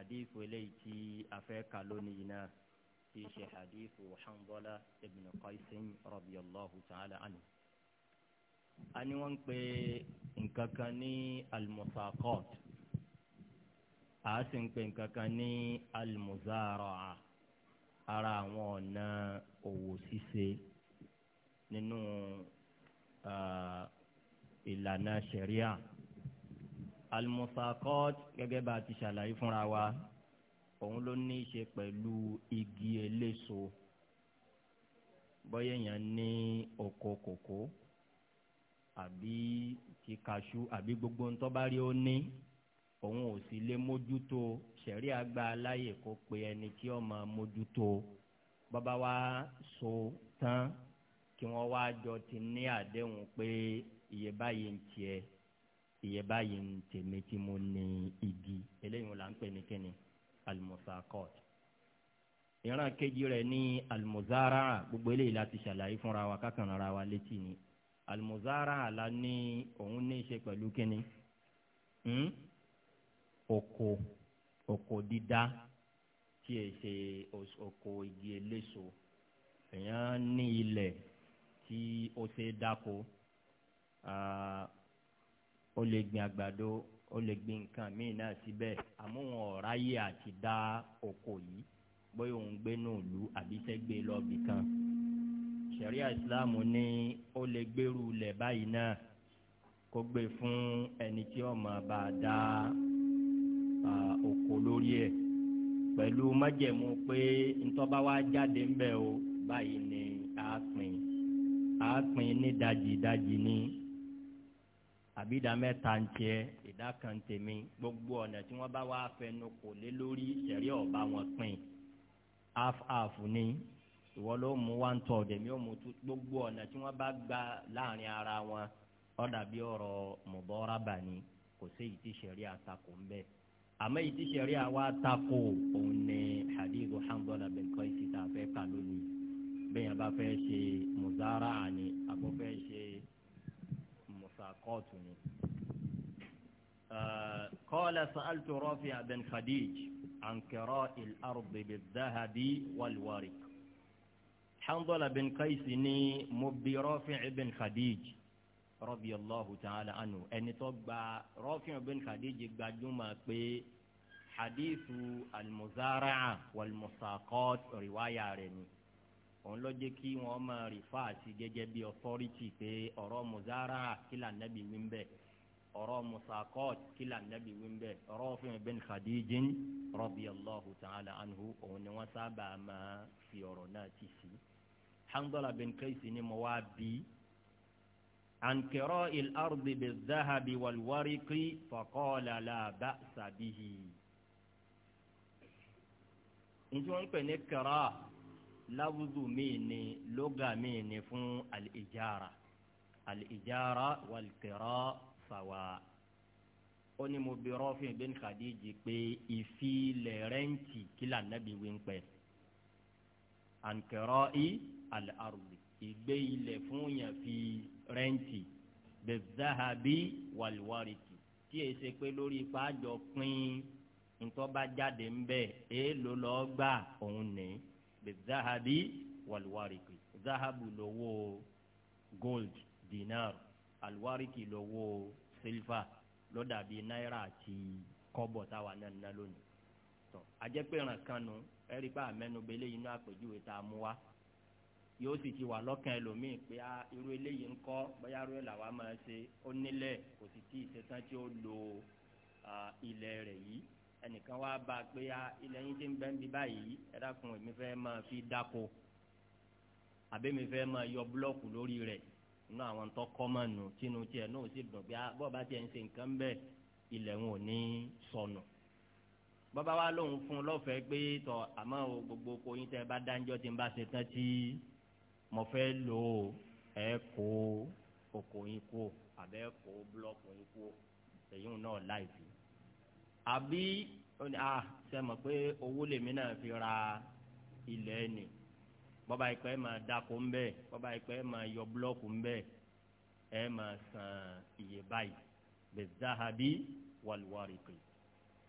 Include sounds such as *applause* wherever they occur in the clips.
hadithu eléyìí tí a fẹ́ kà lónìí náà tí ṣe hadithu Hanzala ibn Qaisin radiyallahu ta'ala anhu. a ní wọ́n ń pè nǹkan kan ní almusaqat a sì ń pè nǹkan kan ní almuzara'a ara àwọn ọ̀nà òwò ṣíṣe nínú ah, ìlànà ṣẹ̀ríà. Uh, almusakot gẹ́gẹ́ bá a ti ṣàlàyé fúnra wa òun ló ní í ṣe pẹ̀lú igi eléso bọ́yẹ̀ ní oko kòkó àbí ti kaṣu àbí gbogbo ń tọ́ba rí ó ní òun ò sì lè mójútó sẹ̀rí àgbà aláyè kó pe ẹni tí ó máa mójútó bàbá wa so tán kí wọ́n wá jọ ti ní àdéhùn pé iye báyìí ń tiẹ̀ iye báyìí ń tèmi tí mo ní igi eléyìí là ń pè ní kíni almusakot ìran kejì rẹ̀ ní almuzara gbogbo eléyìí láti ṣàlàyé fúnra wa kákan ara wa létí ni almuzara la ní òun ní í ṣe pẹ̀lú kíni hmm? oko oko dídá tí e ṣe oko igi eléso èèyàn ní ilẹ̀ tí ó ṣe dáko ó lè gbin àgbàdo ó lè gbin nǹkan míì náà síbẹ̀ àmọ́ wọn ò ráyè àti dá oko yìí bóyá òun gbé náà lù àbí tẹ́ gbé lọ bì kan ṣẹ̀ríà islam ní ó lè gbèrú lẹ̀ báyìí náà kó gbé fún ẹni tí ó máa bá a dá oko lórí ẹ̀ pẹ̀lú májẹ̀mú pé ntọ́ba wa jáde ń o báyìí ni a pín a pín ní Dajì, dajì, ni àbí ìdá mẹ́ta ń tiẹ̀ ìdá kan tèmi gbogbo ọ̀nà tí wọ́n bá wá fẹnu kò lé lórí ìṣẹ̀rí ọ̀bá wọn pín half half ni ìwọ ló mú one third èmi ó mú two gbogbo ọ̀nà tí wọ́n bá gba láàrin ara wọn ọ̀dà bí ọ̀rọ̀ mọ̀bọ́rábà ni kò sí èyí tí ìṣẹ̀rí àtakò ń bẹ àmọ́ èyí tí ìṣẹ̀rí àwa àtakò òun ni hadith Hanbala bin Qaisi tá a fẹ́ kà lónìí bẹ́ẹ̀ yẹn bá fẹ́ ṣe muzara àní àbọ̀ fẹ́ ṣe. kóòtù آه، قال سألت رافع بن خديج عن كراء الأرض بالذهب والورق حنظل بن قيس ني مبي رافع بن خديج رضي الله تعالى عنه أن تبع رافع بن خديج قدما في حديث المزارعة والمساقات رواية رني òun ló jẹ́ kí wọ́n máa rìfà sí gẹ́gẹ́ bí authority pé ọ̀rọ̀ muzara kila nabi wí bẹ́ẹ̀ ọ̀rọ̀ musakot kila nabi wí bẹ́ẹ̀ ọ̀rọ̀ fún ibn khadijin radiyallahu ta'ala anhu òun ni wọ́n sábà máa fi ọ̀rọ̀ náà ti sí. hanzala bin kaisi ni mo wá bí ankero il ardi bi zahabi wal wariki faqala la ba'sa njẹ́ wọ́n pè ní kẹ́rọ́ láwùzù míì ni lóga míì ni fún alìjára alìjára wàlìkìrọ fàwa ó ní mo bi rọ́fìn bin khadiji pé ìfilẹ̀ rẹ́ǹtì kílà nàbí wíńpẹ́ ànkẹ́rọ́ i alárùbí ìgbé ilẹ̀ fún yàn fi rẹ́ǹtì bẹ́ẹ̀dáhàbí wàlúwárìtì tí èyí ṣe pé lórí ipa àjọ pín ntọ́ba jáde ń bẹ̀ èèlò lọ́ọ́ gbà òun nìyí bi zahabi wàlúwárìkì zahabu lówó gold dinar alúwárìkì lówó silva lọ́dà bíi náírà àti kọ́bọ̀ táwa náà ná lónìí tọ́ ajẹ́pẹ̀ràn kanu ẹ̀rí bá àmẹ́nubẹ́ eléyìí inú àpèjúwe tá wa yóò sì ti wà lọ́kàn ẹlòmíì pé a irú eléyìí ń kọ́ bóyá irú ẹ̀ làwa máa ṣe ó nílẹ̀ kò sì tí ì ṣetán tí ó lo ilẹ̀ rẹ̀ yìí ẹnìkan wá bá a pé ilẹ̀ yín ti ń bẹ́ẹ̀ bí báyìí ẹ dákun èmi fẹ́ máa fi dáko àbẹ́mi fẹ́ máa yọ búlọ́ọ̀kù lórí rẹ̀ inú àwọn tó kọ́ mọ̀ nù tínú tiẹ̀ náà sì dùn bí bọ́ọ̀bá tiẹ̀ ń ṣe nǹkan bẹ́ẹ̀ ilẹ̀ wọn ò ní sọnù bọ́ba wa lòun fún un lọ́fẹ̀ẹ́ pé tọ̀ àmọ́ o gbogbo oko yín tẹ́ ẹ bá dáńjọ́ tí ń bá ṣe tán tí mo fẹ́ lò ó ẹ kó oko yín kú àbẹ́ kó búlọ́ọ̀kù yín kú èyí náà láì fi àbí ó ní ah ṣe mọ̀ pé owó lèmi náà fi ra ilẹ̀ ni bọ́ba ìpẹ́ máa dako ń bẹ́ẹ̀ bọ́ba ìpẹ́ máa yọ búlọ́ọ̀kù ń bẹ́ẹ̀ ẹ máa san iye báyìí bizahabi walwariki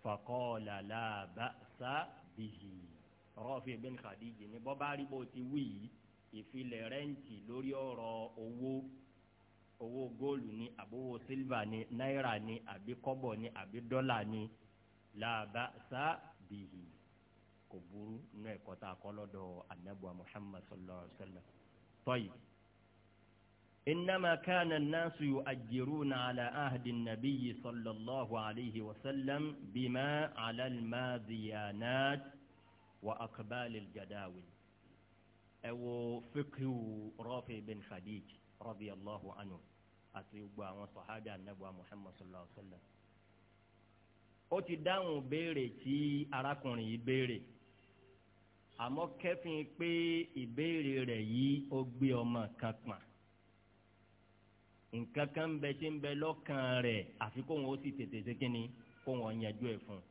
fakọ́ọ̀lá làbàṣà bìhì rọ́ọ̀fì bin khadiji ni bọ́ba arígbó ti wí yìí ìfilẹ̀ rẹ́ǹtì lórí ọ̀rọ̀ owó owó góòlù ni àbówó sílvà ni náírà ni àbí kọ́bọ̀ ni àbí dọ́là ni. لا بأس به كبر burú nínú ẹ̀kọ́ محمد صلى الله عليه وسلم طيب إنما كان الناس يؤجرون على عهد النبي صلى الله عليه وسلم بما على الماذيانات وأقبال الجداول أو فقه رافع بن خديج رضي الله عنه أتيوب وصحابة النبوة محمد صلى الله عليه وسلم ó ti dáhùn béèrè tí arákùnrin yìí béèrè àmọ́ kẹ́fìn pé ìbéèrè rẹ̀ yìí ó gbé ọmọ kan pọ̀n nǹkan kan ń bẹ tí ń bẹ lọ́kàn rẹ̀ àfi kóun ó sì tètè ṣe kínní kóun ó yanjú ẹ̀ fún un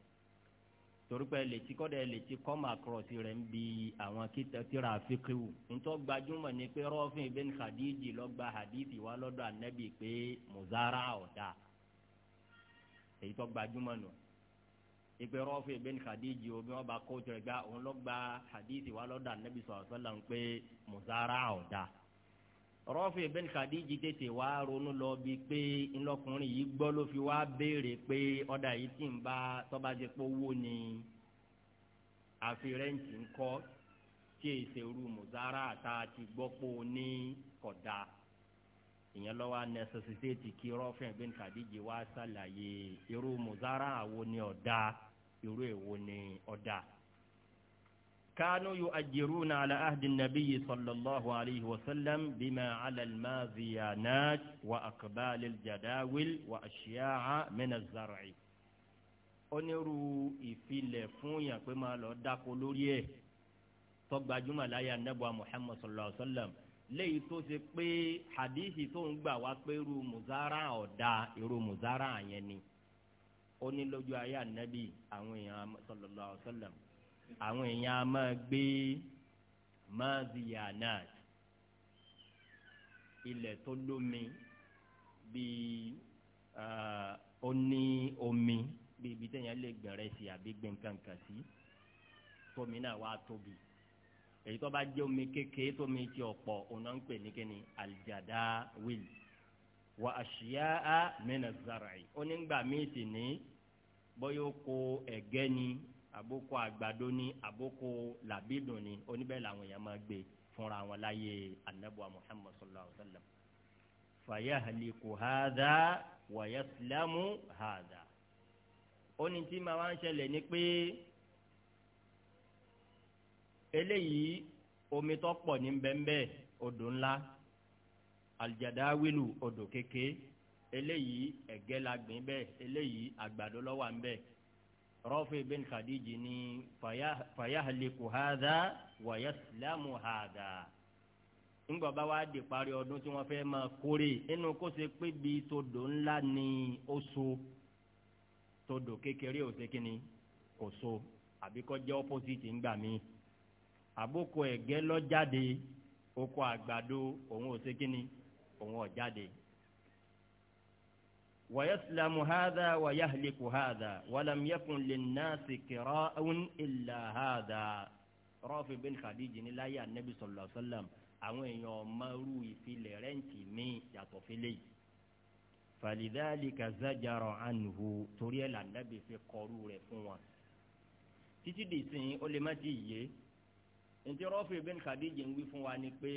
torípé létí kọ́dẹ̀ létí come across rẹ̀ ń bi àwọn kíra fíkìwù ntọ́ gbajúmọ̀ ni pé rọ́ọ̀fin ibn khadiji lọ́gba hadithi wa lọ́dọ̀ anabi pé muzara ọ̀dà èyí tó gbajúmọ̀ nù ìpè rọ́ọ̀fù ibn Khadiji obi wọn bá kó tó òun lọ gba hadithi wa lọ́dọ̀ anabi sọ̀rọ̀ sọ́lá ń pé muzara ọ̀dà rọ́ọ̀fù ibn Khadiji tètè wá ronú lọ bí pé ńlọkùnrin yìí gbọ́ ló fi wá béèrè pé ọ̀dà yìí ti ń bá tọ́ba ti pé owó ni àfi rẹ́ǹtì ń kọ́ tí èsè ru muzara tá a ti gbọ́ pé o ní kọ̀dà ìyẹn lọ́wọ́ nẹ́sẹ̀sìtéètì kí rọ́ọ̀fù ibn Khadiji wá sàlàyé irú muzara àwo ni ọ̀dà irú èwo ni ọ̀dà. kánú yóò àjẹrú na aláàdì nàbí yìí sallallahu alayhi wa sallam bímọ alàlmá ziyanat wa akabali jadawil wa aṣíyáha mẹ́nà zarci. onírú ìfilẹ̀ fún yàn pé máa lọ dáko lórí ẹ̀ tó gbajúmọ̀ láyà nẹ́bùà muhammad sallallahu alayhi wa sallam léyìí tó ṣe pé hadithi tó ń gbà wá pé irú muzara ọ̀dà irú muzara yẹn ni ó ní lójú ayé ànábì àwọn èèyàn sallallahu alaihi wasallam àwọn èèyàn a máa gbé maziyanat ilẹ̀ tó lómi bíi ó ní omi bíi ibi téèyàn lè gbẹ̀rẹ̀ sí àbí gbẹ̀ǹkankan sí tómi náà wá tóbi èyí tó bá jẹ́ omi kékeré tómi ti ọ̀pọ̀ òun náà ń pè ní kíni aljadawil wà àṣìyá á mẹ́nà zaraì ó nígbà míì sì ní bóyá ó kó ẹ̀gẹ́ ni àbókò àgbàdo ni àbókò làbídùn ni oníbẹ̀ làwọn èèyàn máa gbé fúnra wọn láyé anabuwa muhammad sallallahu alaihi wa sallam fayahliku hadha wa yaslamu hadha ó ní tí màá wá ń ṣẹlẹ̀ ni pé eléyìí omi tó pọ̀ ní bẹ́ńbẹ́ odò ńlá aljadawilu odò kéke eléyìí ẹ̀gẹ́ la gbìn bẹ́ẹ̀ eléyìí àgbàdo ló wà ń bẹ́ẹ̀ rọ́fì bin khadiji ni fayahliku hadha wa yaslamu hadha ńgbọ́ bá wá di parí ọdún tí wọ́n fẹ́ máa kórè inú kó ṣe pé bíi todò ńlá ni ó so todò kékeré ò ṣe kíni kò so àbí kọ́ jẹ́ opposite ńgbà mi àbókò ẹ̀gẹ́ lọ́jáde oko àgbàdo òun ò ṣe kíni òun ọ̀jáde. ويسلم هذا ويهلك هذا ولم يكن للناس كراء إلا هذا Rafi bin Khadij ní láyé Ànábì sallallahu alaihi wasallam àwọn èèyàn ọmọ irú ìfilẹ̀ rẹ́ǹtì míì yàtọ̀ fílẹ̀ yìí falidhalika zajara anhu torí ẹ̀ lànàbì fi kọrú rẹ̀ fún wọn. títí dìsín ó lè ntí Rafi bin Khadij wí fún wa ni pé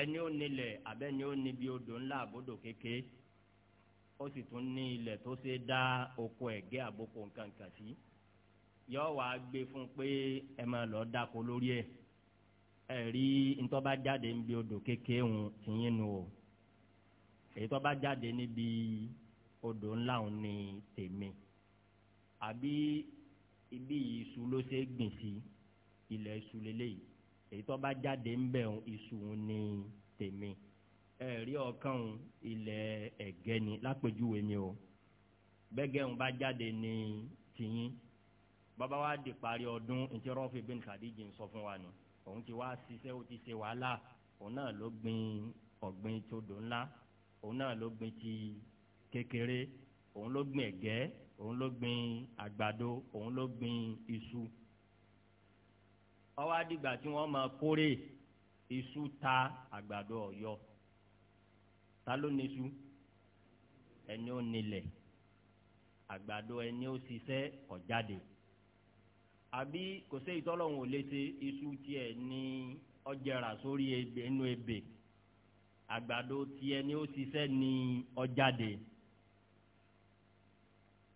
ẹni ó nílẹ̀ abẹ́ni ó níbi odò ńlá àbódò kéke ó sì tún ní ilẹ̀ tó ṣe dá oko ẹ̀gẹ́ àbókò nkankan sí yọ wàá gbé fún pé ẹ máa lọ dáko lórí ẹ̀ ẹ rí ntọ́ba jáde níbi odò kéke ń tìyín nu o èyí tọ́ba jáde níbi odò ńlá ń ní tèmi àbí ibi yìí iṣu ló ṣe gbìn sí ilẹ̀ iṣu lélẹ́yìí èyí tó bá jáde ń bẹ̀ ń iṣu ní tèmi ẹ̀rí ọ̀kan ilẹ̀ ẹ̀gẹ́ ni lápèjúwe ni o bẹ́gẹ́ ń bá jáde ní tìyín bàbá wa di parí ọdún ntí rọ́ọ̀fì bin Khadiji ń sọ fún wa nù òun ti wá ṣiṣẹ́ ó ti ṣe wàhálà òun náà ló gbin ọ̀gbìn tó dò ńlá òun náà ló gbin ti kékeré òun ló gbin ẹ̀gẹ́ òun ló gbin àgbàdo òun ló gbin iṣu ọwọ́ àdìgbà tí wọ́n máa kórè iṣu ta àgbàdo ọ̀yọ́ ta ló ní iṣu ẹni ó nílẹ̀ àgbàdo ẹni ó ṣiṣẹ́ ọ̀jáde àbí kò sí ìtọ́lọ́hún ò lè ṣe iṣu tiẹ̀ ní ọjẹ́ra sórí inú ebè àgbàdo tiẹ̀ ni ó ṣiṣẹ́ ní ọjáde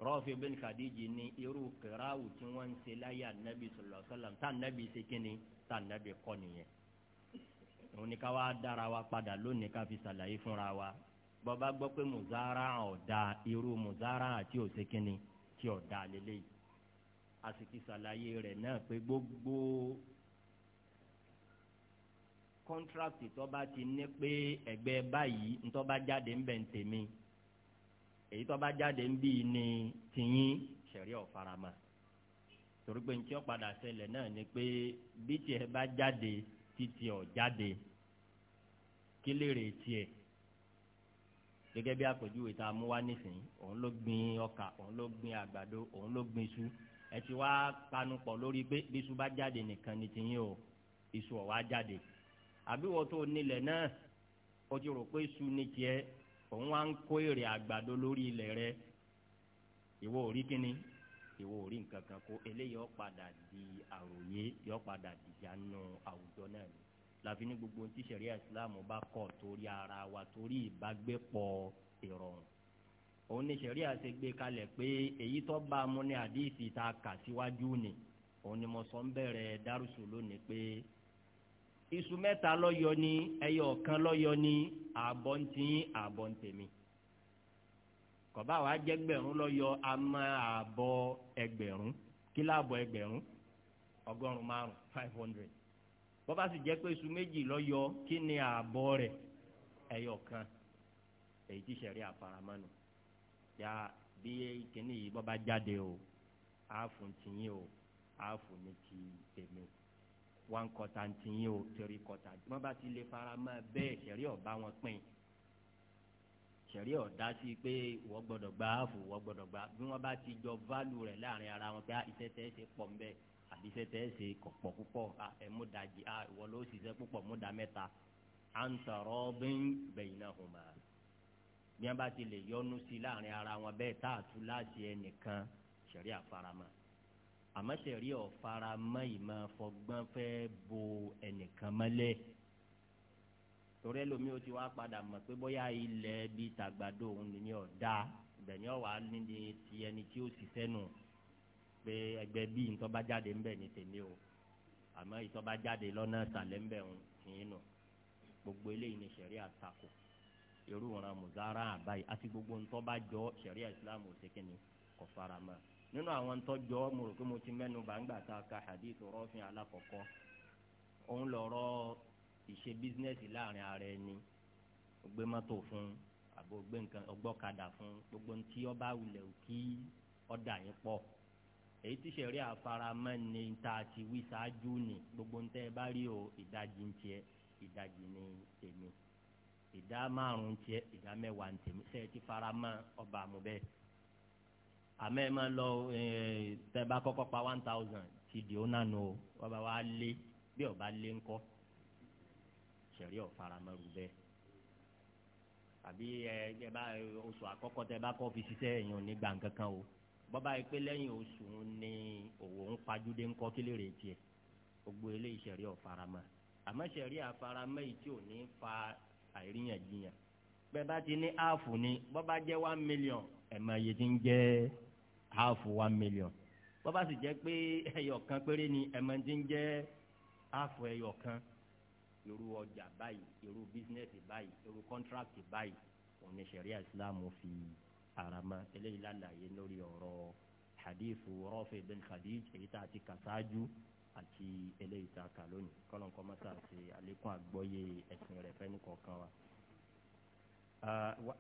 rọ́ọ̀fì bin khadiji ní irú kìráwù tí wọ́n ń ṣe láyé anabi sallallahu alaihi wasallam tá anabi ṣe kíni tá anabi kọ́ nìyẹn òun ni ká wá dára wa padà lónìí ká fi ṣàlàyé fúnra wa bọ́ba gbọ́ pé muzara ọ̀dà irú muzara àti òṣè kíni tí ọ̀dà lélẹ́yìí àsìkò ṣàlàyé rẹ̀ náà pé gbogbo kọ́ńtrákì tó bá ti ní pé ẹgbẹ́ báyìí ń tó bá jáde ń bẹ̀ ń tèmi èyí tó bá jáde ń bí ni tìyín ṣẹ̀rí ọ̀farama torí pé ntí ó padà ṣẹlẹ̀ náà ni pé bí tiẹ̀ bá jáde títí ọ̀ jáde kí lèrè tiẹ̀ gẹ́gẹ́ bí àpèjúwe tá a mú wá nísìnyí òun ló gbin ọkà òun ló gbin àgbàdo òun ló gbin iṣu ẹ ti wá panupọ̀ lórí pé bí iṣu bá jáde nìkan ni tìyín o iṣu ọ̀ wá jáde àbí wọ́n tó nílẹ̀ náà o ti rò pé iṣu ni tiẹ̀ òun wá ń kó èrè àgbàdo lórí ilẹ̀ rẹ ìwọ ò rí kíni ìwọ ò rí nǹkan kan kó eléyìí ó padà di àròyé yó padà dìjà nù àwùjọ náà ni láfi ní gbogbo tí ṣẹ̀ríà Islam bá kọ̀ torí ara wa torí ìbágbépọ̀ ìrọ̀rùn òun ni ṣẹ̀ríà ṣe gbé kalẹ̀ pé èyí tó bá a mú ní àdíìsì tá kà síwájú ni òun ni mo sọ ń bẹ̀rẹ̀ dárúsù lónìí pé iṣu mẹ́ta lọ́yọ ni ẹyọ ọ̀kan lọ́yọ ni ààbọ̀ ń tiyín ààbọ̀ ń tèmi kọ̀bá wa jẹ́gbẹ̀rún lọ́yọ àmọ́ ààbọ̀ ẹgbẹ̀rún kíláàbọ̀ ẹgbẹ̀rún ọgọ́rùn-ún márùn five hundred bọ́bá sì jẹ́ pé iṣu méjì lọ́yọ kí ni ààbọ̀ rẹ̀ kan èyí tí sẹ̀rí àfaramọ́nù ya bí kìnnìyí bọ́bá jáde o àáfùn tiyín o àáfùn tèmi wọn kọta ń tiyín o tẹ̀rí kọta wọn bá ti lè fara mọ́ bẹ́ẹ̀ sẹ̀rí ọ̀bá wọn pín sẹ̀rí ọ̀dá sí pé wọ́n gbọ́dọ̀ gba áàfù wọ́n gbọ́dọ̀ gba bí wọ́n bá ti jọ válù rẹ̀ láàrin ara wọn pé ah, iṣẹ́ tẹ́ ṣe pọ̀ ń bẹ́ àbí iṣẹ́ tẹ́ ṣe pọ̀ púpọ̀ ìwọ ló ṣiṣẹ́ púpọ̀ múdà mẹ́ta à ń sọ̀rọ̀ bẹ́ẹ̀ bẹ́ẹ̀ náà hùn máa bí wọ́n bá ti lè yọnu sí láàrin ara wọn bẹ́ẹ̀ táàtú láti ẹnìkan sẹ̀rí àfaramọ́ àmọ́tẹ̀rí ọ̀fara mọ́ ìmọ̀ fọgbọ́n fẹ́ bo ẹnìkan mọ́lẹ̀ torí ẹlòmíì ó ti wá padà mọ̀ pé bóyá ilẹ̀ bí tàgbàdo òun ni ọ̀dà ìbẹ̀yìn ọ̀wà níbi ti ẹni tí ó sì sẹ́nu pé ẹgbẹ́ bí ìtọ́ba jáde ńbẹ̀ ní tèmi o àmọ́ ìtọ́ba jáde lọ́nà ìsàlẹ̀ ńbẹ̀ ń tìyín nù gbogbo eléyìí ni sẹ̀rí àtakò irú ìran mùsàárà àbáyé àti gbogbo ńtọ́ba sẹ̀rí ìsìlámù òsèkínni kò fara mọ́ ọ nínú àwọn ntọ́jọ́ mo rò pé mo ti mẹ́nu bá ń gbà ta ka hadith rọ́fin alákọ̀ọ́kọ́ òun lọ̀rọ̀ ìṣe bísínẹ́sì láàrin ara ẹni gbé mọ́tò fún àbò gbé nǹkan ọgbọ́kadà fún gbogbo ntí ọba wulẹ̀ kí ọ̀dà yín pọ̀ èyí tí sẹ̀rí àfaramọ́ ni ta ti wí ṣáájú ni gbogbo ntẹ́ bá rí o ìdajì ń tiẹ̀ ìdajì ni tèmi ìdá márùn-ún tiẹ̀ ìdá mẹ́wàá ń tèmi sẹ́ẹ̀ ti faramọ́ ọba àmúbẹ́ẹ́ àmọ́ ẹ máa lọ tẹ bá kọ́kọ́ pa one thousand ti di ó nànú o wọ́n bá wá lé bí ọba lé ńkọ́ sẹ̀rí ọ̀faramẹ́rù bẹ́ẹ̀ àbí ẹ ẹ bá oṣù àkọ́kọ́ tẹ bá kọ́ fi ṣiṣẹ́ ẹ̀yìn òní gbà o bọ́bá yìí pé lẹ́yìn oṣù ni òwò ń pajúdé ńkọ́ kí lè rè tiẹ̀ gbogbo eléyìí sẹ̀rí ọ̀faramẹ́ àmọ́ sẹ̀rí àfaramẹ́ yìí tí ò ní fa àìríyànjiyàn bẹ́ẹ̀ bá ti ní áàfù ni bọ́bá jẹ́ one million ẹ̀mọ̀ iye ti ń jẹ́ half one million bọ́bá sì jẹ́ pé ẹyọ kan péré ni ẹ̀mọ́dé ń half ẹyọ kan irú ọjà báyìí irú bísínẹ́sì báyìí irú kọ́ńtrákì báyìí òun ni sẹ̀ríà ìsìláàmù fi àràmà eléyìí lálàyé lórí ọ̀rọ̀ hadithu Rafi bin Khadij èyí tá a ti kà sáájú àti eléyìí tá a kà lónìí kọ́lọ́nkọ́ mọ́tà ṣe àlékún àgbọ́yé ẹ̀sìn rẹ̀ fẹ́ ní kọ̀ọ̀kan wa.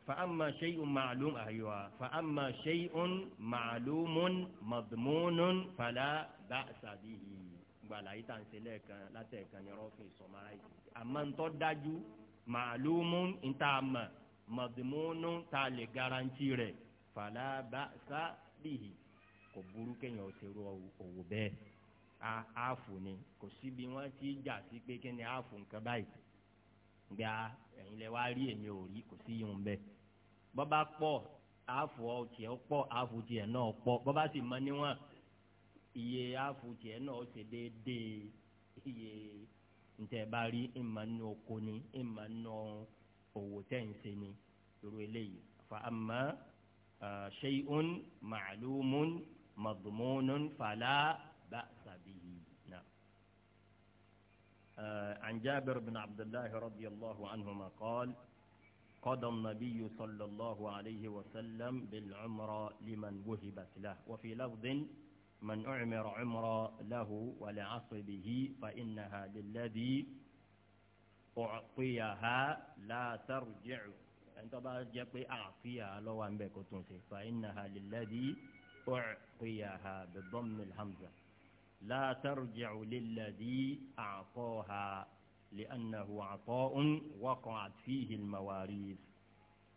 فأما شيء معلوم أيوة فأما شيء معلوم مضمون فلا بأس به gbala yìí tàn sílẹ̀ kan látẹ̀kan ni rọ́ọ̀fì sọmara yìí àmọ́ ntọ́ dájú màálùmù ntà mà mọ̀dìmúnú tà lè garanti rẹ̀ fàlà bá sá bìhì kò burú kéèyàn ò ṣerú òwò bẹ́ẹ̀ àáfù ni kò síbi wọ́n ti jà sí pé kí ni àáfù nǹkan báyìí gba ẹ̀yin lẹ wá rí èmi ò rí kò sí yìí ń bẹ bọ́bá pọ̀ àáfù ọ̀tí ẹ̀ pọ̀ àáfù tiẹ̀ náà pọ̀ bọ́bá sì mọ níwọ̀n iye àáfù tiẹ̀ náà ṣe déédéé iye ntẹ̀ bá oko ni ìmọ̀ nínú òwò ni irú eléyìí fa àmọ́ ṣe ń màlúùmù màdùmùnú fàlà. آه، عن جابر بن عبد الله رضي الله عنهما قال قضى النبي صلى الله عليه وسلم بالعمرة لمن وهبت له وفي لفظ من أعمر عمرة له ولعصبه فإنها للذي أعطيها لا ترجع أنت بعد جاي أعطيها لو أن أنبكتون فإنها للذي أعطيها بضم الهمزة لا ترجع للذي أعطاها لأنه عطاء وقعت فيه المواريث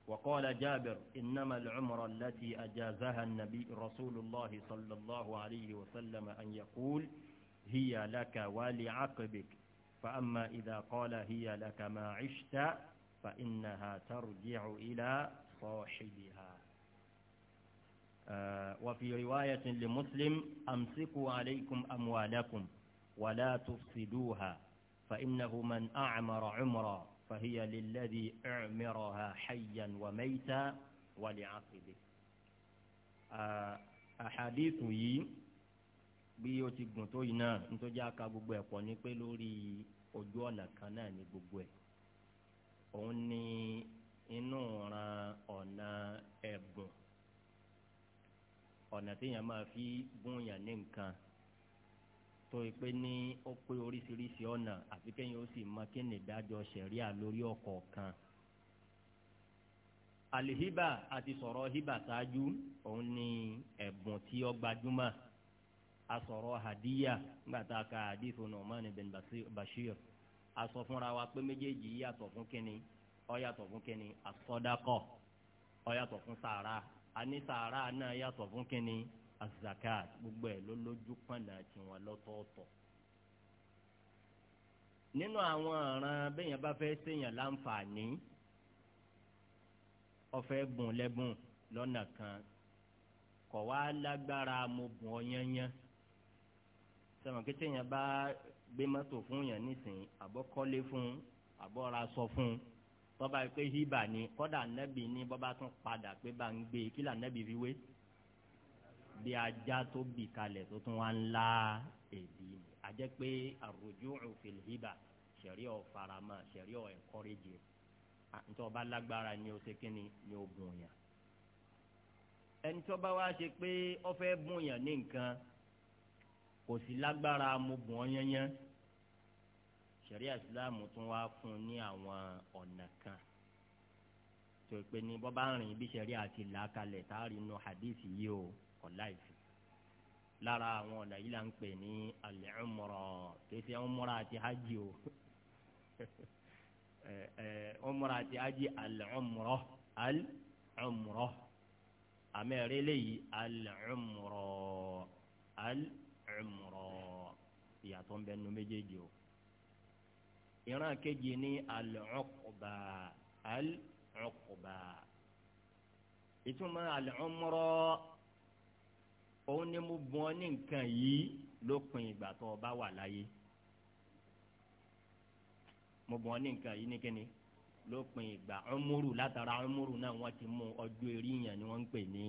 وقال جابر إنما العمر التي أجازها النبي رسول الله صلى الله عليه وسلم أن يقول هي لك ولعقبك فأما إذا قال هي لك ما عشت فإنها ترجع إلى صاحبها وفي رواية لمسلم أمسكوا عليكم أموالكم ولا تفسدوها فإنه من أعمر عمرا فهي للذي أعمرها حيا وميتا ولعقبه أحاديث yìí bí o ti gùn tó yìí náà nítorí aka gbogbo ẹ̀ pọ̀ ní pé lórí ojú ọ̀nà kan náà ní gbogbo ẹ̀ òun ni inú ran ọ̀nà ẹ̀bùn ọ̀nà téèyàn máa fi gúnyàn ní nǹkan tó yẹ pé ní ó pé oríṣiríṣi ọ̀nà àfi kéèyàn ó sì mọ kí ni ìdájọ́ ṣẹ̀ríà lórí ọ̀kọ̀ọ̀kan. àlìhíbà àti sọ̀rọ̀ híbà ṣáájú òun ni ẹ̀bùn tí ó gbajúmọ̀ asọ̀rọ̀ hadiya nígbà tá a ka hadithu Nu'man bin Bashir asọ fúnra wa pé méjèèjì yàtọ̀ fún kínní ó yàtọ̀ fún kínní asọ́dákọ̀ ó yàtọ̀ fún sàrà àní sàárà náà yàtọ̀ fún kínní azakat gbogbo ẹ̀ ló lójú pọ̀nà tiwọn lọ́tọ̀ọ̀tọ̀ nínú àwọn ọ̀ràn bẹ́yẹn bá fẹ́ ṣèyàn láǹfààní ọ̀fẹ́ bùn lẹ́bùn lọ́nà kan kọ̀ wá lágbára mo bùn ọ yányán sẹ́wọ̀n kí téèyàn bá gbé mọ́tò fún yàn nísìnyí àbọ̀kọ́lé fún àbọ̀ra sọ fún un bọ́ba yìí pé hibà ni kọ́dà nẹ́bì ní bọ́ba tún padà pé bá ń gbé kí là nẹ́bì fi wé bí ajá tó bì kalẹ̀ tó tún wá ń la èdè ni a jẹ́ pé ar-ruju'u fil hibà sẹ̀rí ọ̀ farama sẹ̀rí ọ̀ ẹ̀kọ́rẹ́jì e. ntọ́ bá lágbára ni o ṣe kíni ni o bùn yàn ẹni tó bá wá ṣe pé ọ fẹ́ bùn yàn ní nǹkan kò sí lágbára mo bùn ọ yẹn yẹn ṣẹ̀ríà islam tún wá fún ní àwọn ọ̀nà kan tó pé ní bọ́ bá rìn bí ṣẹ̀ríà ti là á kalẹ̀ táàrí inú hadisi yìí o ọ̀la ìfì lára àwọn ọ̀nà yìí là ń pè ní al-umra kéṣe umra àti hajj o *laughs* umra àti hajj al-umra al-umra àmẹ́rẹ́ léyìí al-umra al-umra ìyàtọ̀ ń bẹ nu méjèèjì o ìran kejì ní al-uqba al-uqba ìtumọ̀ al-umra òun ni mo bùn ọ ní nǹkan yìí lópin ìgbà tó o bá wà láyé mo bùn ọ ní nǹkan yìí ní kíni lópin ìgbà ọmúrù látara ọmúrù náà wọ́n ti mú ọjọ́ eríyàn ni wọ́n ń pè ní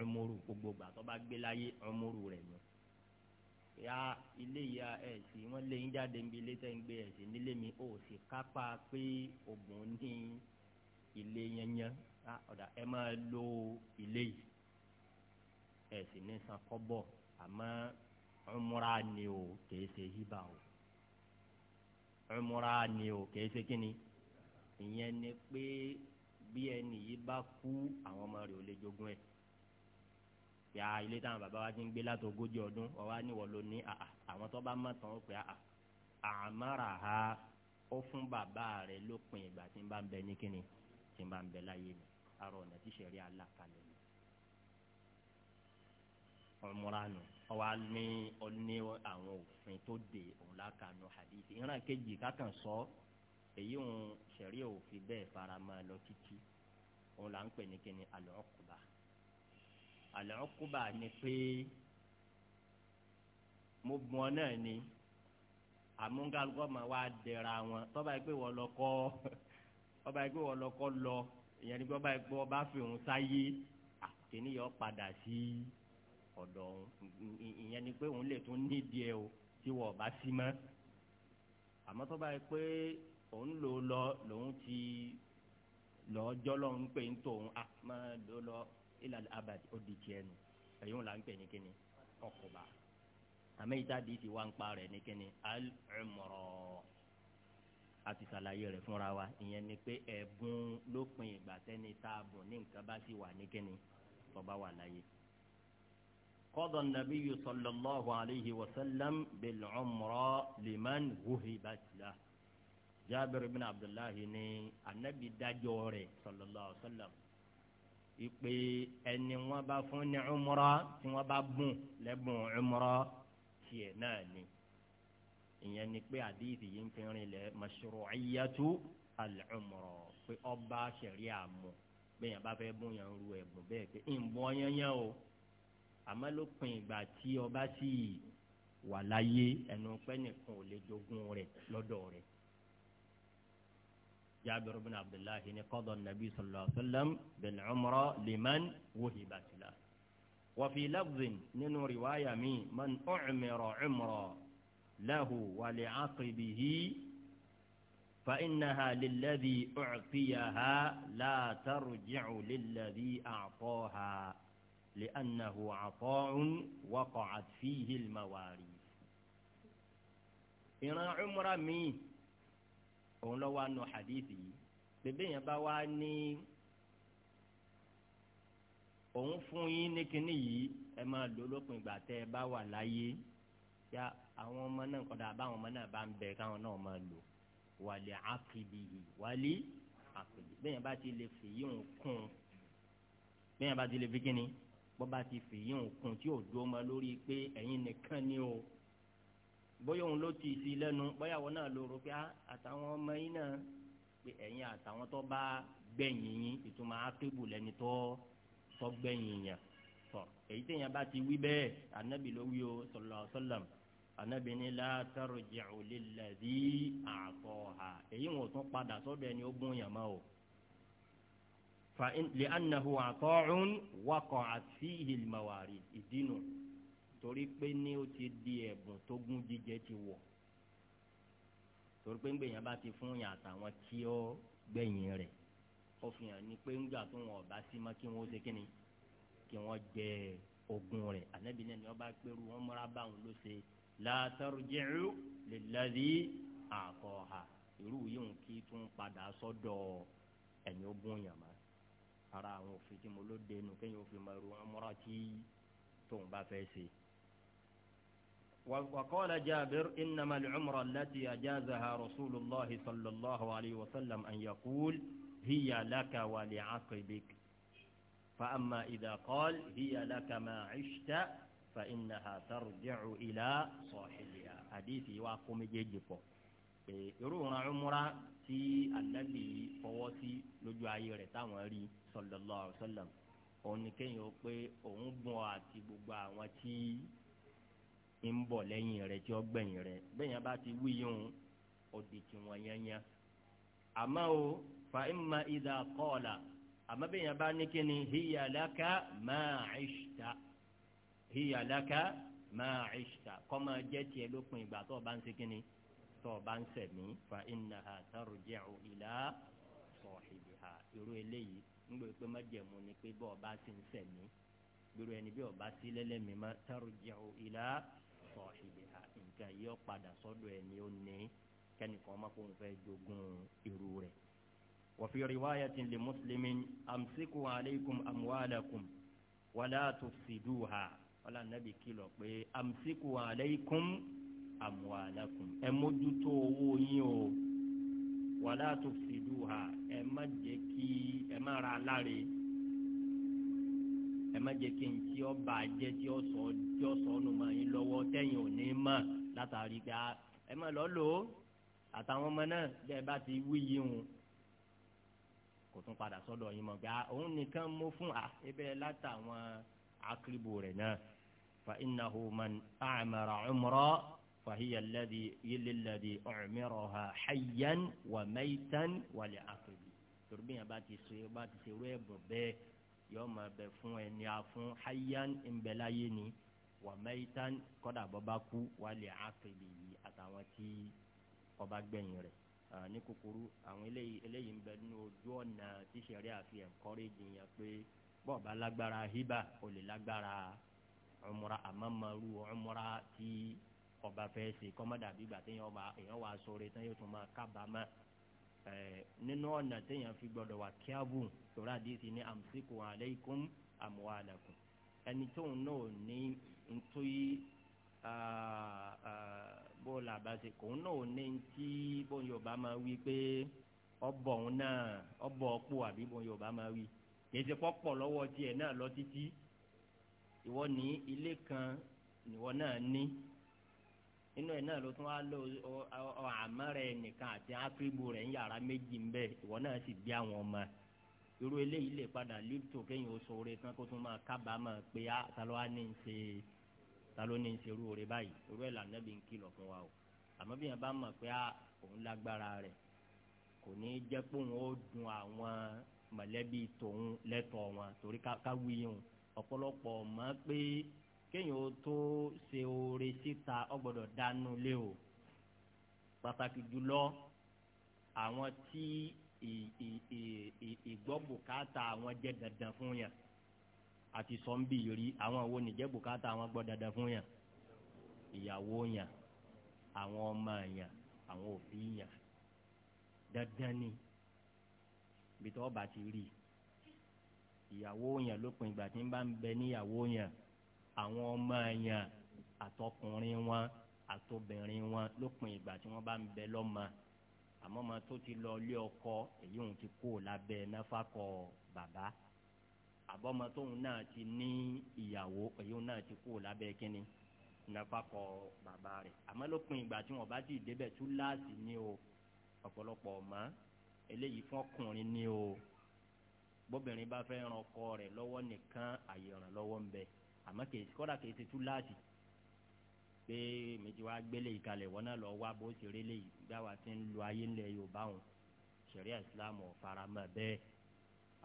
ọmúrù gbogbo ìgbà tó bá gbé láyé ọmúrù rẹ̀ ni. Ya, ilé ìyá ẹ̀sìn wọ́n lé yín jáde níbi ilé tẹ́ ń gbé ẹ̀sìn nílé mi ò sì kápá pé ògùn ní ilé yẹnyẹn ah, ọ̀dà ẹ máa lo ilé yìí ẹ̀sìn ní san kọ́bọ̀ àmọ́ ọmúra ni o kìí ṣe hibà o ọmúra ni o kìí ṣe kíni ìyẹn ni pé bí ẹni yìí bá kú àwọn ọmọ rẹ̀ ò lè jogún ẹ̀ ya á ilé táwọn bàbá wa ti ń gbé láti ogójì ọdún ọwọ́ àníwọ̀ ló ní àà àwọn tó bá mọ̀ tán ó pè àà àmàrà ha ó fún bàbá rẹ̀ lópin ìgbà tí ń bá ń bẹ ní kíni tí ń bá ń bẹ láyé ni arọ ọ̀nà tí sẹ̀rí alákalẹ̀ ni. ọmọranu ọwọ́ ní ọní àwọn òfin tó de òun lákàánú hadithi ìran kejì kákan sọ èyí òun sẹ̀rí òfin bẹ́ẹ̀ fara máa lọ títí òun là ń pè ní kíni alọ́kùnrin àlọ́kùbà ni pé mo gbọ́n náà ni àmúgalùkọ́ máa wá dẹ̀ra wọn tọ́ba yìí pé wọ́n lọ kọ́ ọba yìí pé wọ́n lọ kọ́ lọ ìyẹn ni pé ọba yìí pé ọba fi òun sáyé àtẹ̀ní yọ padà sí ọ̀dọ̀ òun ìyẹn ni pé òun lè tún nídìí ẹ o tí wọ́n bá sí mọ́ àmọ́ tọ́ba yìí pé òun lò lọ lòun ti lọ́ọ́ jọ́ lọ́hún pé ń tòun àmọ́ lò lọ́ọ́ ilà abàdì ó di tiẹ̀ nù èyí wọn là ń pè ní kíni ọkùnbà àmì ìtàdí ti wá ń pa rẹ̀ ní kíni al-umra àti sàlàyé rẹ̀ fúnra wa ìyẹn ni pé ẹ̀bùn lópin ìgbà tẹ́ni tá a nǹkan bá sì wà ní kíni tọ́ba wà láyé. قضى النبي صلى الله عليه وسلم بالعمرة لمن وهبت له جابر بن عبد الله ني النبي داجوري صلى الله عليه وسلم ìpè ẹni wọn bá fún ní umra tí wọn bá bùn lẹ́bùn umra tiẹ̀ náà ni ìyẹn ni pé àdìsí yìí ń fi rinlẹ̀ mashru'iyatu al-umra pé ọba ṣẹ̀ríà mu bẹ́ẹ̀ yẹn bá fẹ́ bùn yẹn ru ẹ̀bùn bẹ́ẹ̀ pé ń bọ́ yányán o àmọ́ ló pin ìgbà tí ọba sì wà láyé ẹnu pẹ́ nìkan ò lè jogún rẹ̀ lọ́dọ̀ rẹ̀. جابر بن عبد الله قضى النبي صلى الله عليه وسلم بالعمرة لمن وهبت له وفي لفظ من رواية مي من أعمر عمرة له ولعقبه فإنها للذي أعطيها لا ترجع للذي أعطاها لأنه عطاء وقعت فيه المواريث إن عمر مي òun lọ wá nù hadithi yìí bébè yẹn bá wá ní òun fún yín ní kinní yìí ẹ máa lò lópin ìgbà tẹ ẹ bá wà láyé ya àwọn ọmọ náà kọ́dà báwọn ọmọ náà bá ń bẹ káwọn náà máa lò wàlẹ̀ àkìlì yìí wàlẹ̀ àkìlì bẹ́ẹ̀ yẹn bá ti lè fìyí òun kún un bẹ́ẹ̀ yẹn bá ti lè fi kinní bọ́ bá ti fìyí òun kún un tí yóò dúró mọ́ lórí pé ẹ̀yin nìkan ni o bóyá òun ló ti sí lẹ́nu bóyá òun náà ló rò pé ah, àtàwọn ọmọ yín náà pé ẹ̀yin àtàwọn tó bá gbẹ̀yìn yín ìtumọ̀ akéwù lẹ́ni tó tó gbẹ̀yìn yàn tọ̀ èyí téèyàn bá ti wí bẹ́ẹ̀ anábì ló wí o sallallahu alaihi anábì ní la tarji'u lilladhi a'taha èyí wọn tún padà sọ́dọ̀ ẹni ó gún yàn o fa in li'annahu ata'un waqa'at fihi al-mawarid ìdínú torí pé ní ó ti di ẹ̀bùn tó gún jíjẹ ti wọ̀ torí pé ńgbẹ̀yìn bá ti fún yàn àtàwọn tí ó gbẹ̀yìn rẹ̀ ó fi hàn ní pé ńgbà tó wọn ọ̀bá sí mọ́ kí wọ́n ṣe kí ni kí wọ́n jẹ ogun rẹ̀ ànábì náà ni wọ́n bá pẹ́rù wọn múra báwọn ló ṣe la tarji'u lilladhi a'taha irú yìí kí tún padà sọ́dọ̀ ẹ̀yìn ogun yàn má ara àwọn òfin tí mo ló dẹnu kéèyàn òfin mọ irú wọn múra tí tóun bá fẹ́ ṣe. وقال جابر إنما العمر التي أجازها رسول الله صلى الله عليه وسلم أن يقول هي لك ولعقبك فأما إذا قال هي لك ما عشت فإنها ترجع إلى صاحبها حديثي واقوم جيجفو يرون عمرة تي النبي فوتي لجوعي رتام ولي صلى الله عليه وسلم òun ni kéèyàn pé òun bùn àti ń bọ̀ lẹ́yìn rẹ̀ tí ó gbẹ̀yìn rẹ̀ bẹ́yìn bá ti wí yóò òdì tí wọ́n yányá. àmọ́ o fa imma idha qala àmọ́ bẹ́yìn bá ní kíni hiya laka ma ishta hiya laka ma kọ́ máa jẹ́ tiẹ̀ lópin ìgbà tó o bá ń ṣe tó o bá ń fa irú eléyìí ń gbé pé ni pé bọ́ọ̀ bá ti ń sẹ̀mí gbèrò ẹni bí ọba sí sahibiha nǹkan yìí ó padà sọ́dọ̀ ẹni ó ní kẹ́nìkan má kó ń fẹ́ jogún irú rẹ̀. wa fi riwayatin li muslimin amsiku alaykum amwalakum wala tufsiduha wala nabi kìlọ̀ pé amsiku alaykum amwalakum ẹ mójútó owó yín o wala tufsiduha ẹ má jẹ́ kí ẹ má ra aláre ẹ má jẹ́ kí n tí ọ bà jẹ́ tí ọ sọ tí ọ sọ nù mọ́ yín lọ́wọ́ tẹ̀yìn ò ní mọ̀ látàrí pé ah, ẹ má lọ́ lò ó àtàwọn ọmọ náà bẹ́ẹ̀ bá ti wí yìí hùn kò tún padà sọ́dọ̀ yín mọ̀ gbà ah, òun nìkan mú fún à ah, ebe látàwọn akíríbù rẹ̀ náà fa innahu man a'mara umra فهي الذي للذي أعمرها حيا وميتا ولعقبه تربية باتي سوية باتي سوية ببه yọ ma bẹ fún ẹni afún hayyan nbẹláyé ni wà mẹ́tàn kọ́dà bọ́bá kú wàlẹ̀ àkèlè yìí àtàwọn tí ọba gbẹ̀yìn rẹ̀ ní kúkúrú àwọn eléyìí ń bẹ nínú ojú ọ̀nà tí sẹ̀rí àfi ẹ̀ńkọ́rẹ́jì yẹn pé bọ́ọ̀bá lágbára hibà ò lè lágbára umra àmọ́mọ́rú umra tí ọba fẹ́ ṣe kọ́mọ́dàbí gbà téèyàn wà sóore tán yóò tún máa kábàámọ̀ nínú ọ̀nà téèyàn fi gbọ́dọ̀ wà kíábù tòrá àdìsí ní amsiku aleikum amwalakum ẹni tóun náà ní ntóyí bó la bá ṣe kòun náà ní ntí bóun yorùbá máa wí pé ọbọ̀ òun náà ọbọ̀ ọ̀pọ̀ àbí bóun yorùbá máa wí kèsì pọ̀pọ̀ lọ́wọ́ tiẹ̀ náà lọ títí ìwọ ní ilé kan ìwọ náà ní inú ẹ̀ náà ló tún wá lọ àmọ́ rẹ̀ nìkan àti ákíríbù rẹ̀ ń yàrá méjì ń bẹ̀ ìwọ náà sì bí àwọn ọmọ irú eléyìí lè padà líptò kéyìn oṣù oore tán kó tún máa kábàámọ̀ pé á ta ló wá ní í ṣe ta ló ní í ṣe irú oore báyìí irú ẹ̀ lànà bí ń kìlọ̀ fún wa o àmọ́ bí yẹn bá mọ̀ pé á òun lágbára rẹ̀ kò ní í jẹ́ pé òun ó dun àwọn mọ̀lẹ́bí tòun lẹ́tọ̀ọ́ wọn torí ká wí yìí ọ̀pọ̀lọpọ̀ mọ̀ pé kéèyàn ó tó ṣe oore síta ó gbọ́dọ̀ dánú lé o pàtàkì jùlọ àwọn tí ìgbọ́ bùkátà àwọn jẹ́ dandan fún yàn àti sọ́ńbì rí àwọn wo ni jẹ́ bùkátà àwọn gbọ́ dandan fún yàn ìyàwó yàn àwọn ọmọ yàn àwọn òbí yàn dandan ni bitọ́ bá ti rí ìyàwó yàn lópin ìgbà tí ń bá ń bẹ níyàwó yàn àwọn ọmọ àyàn àtọkùnrin wọn àtobìnrin wọn lópin ìgbà tí wọ́n bá ń bẹ lọ́mọ àmọ́ ọmọ tó ti lọ ilé ọkọ èyí òun ti kó lábẹ́ náfàkọ bàbá àbọ̀mọ tóun náà ti ní ìyàwó èyí òun náà ti kó lábẹ́ kínní nàfàkọ bàbá rẹ̀ àmọ́ lópin ìgbà tí wọ́n bá ti débẹ̀ tú láàsì ní o ọ̀pọ̀lọpọ̀ ọ̀mọ́ eléyìí fọkùnrin ní o bóbìnrin bá fẹ́ ran ọkọ rẹ̀ lọ́wọ́ nìkan àyè ìrànlọ́wọ́ ń bẹ àmọ́ kódà kìí ṣe túláàsì pé méjì wá gbélé ìkalẹ̀ wọn náà lọ wá bó ṣe rí léyìí bí àwa ti ń lo ayé ńlẹ̀ yorùbá wọn sẹ̀ríà ìsìláàmù ọ̀faramọ́ bẹ́ẹ̀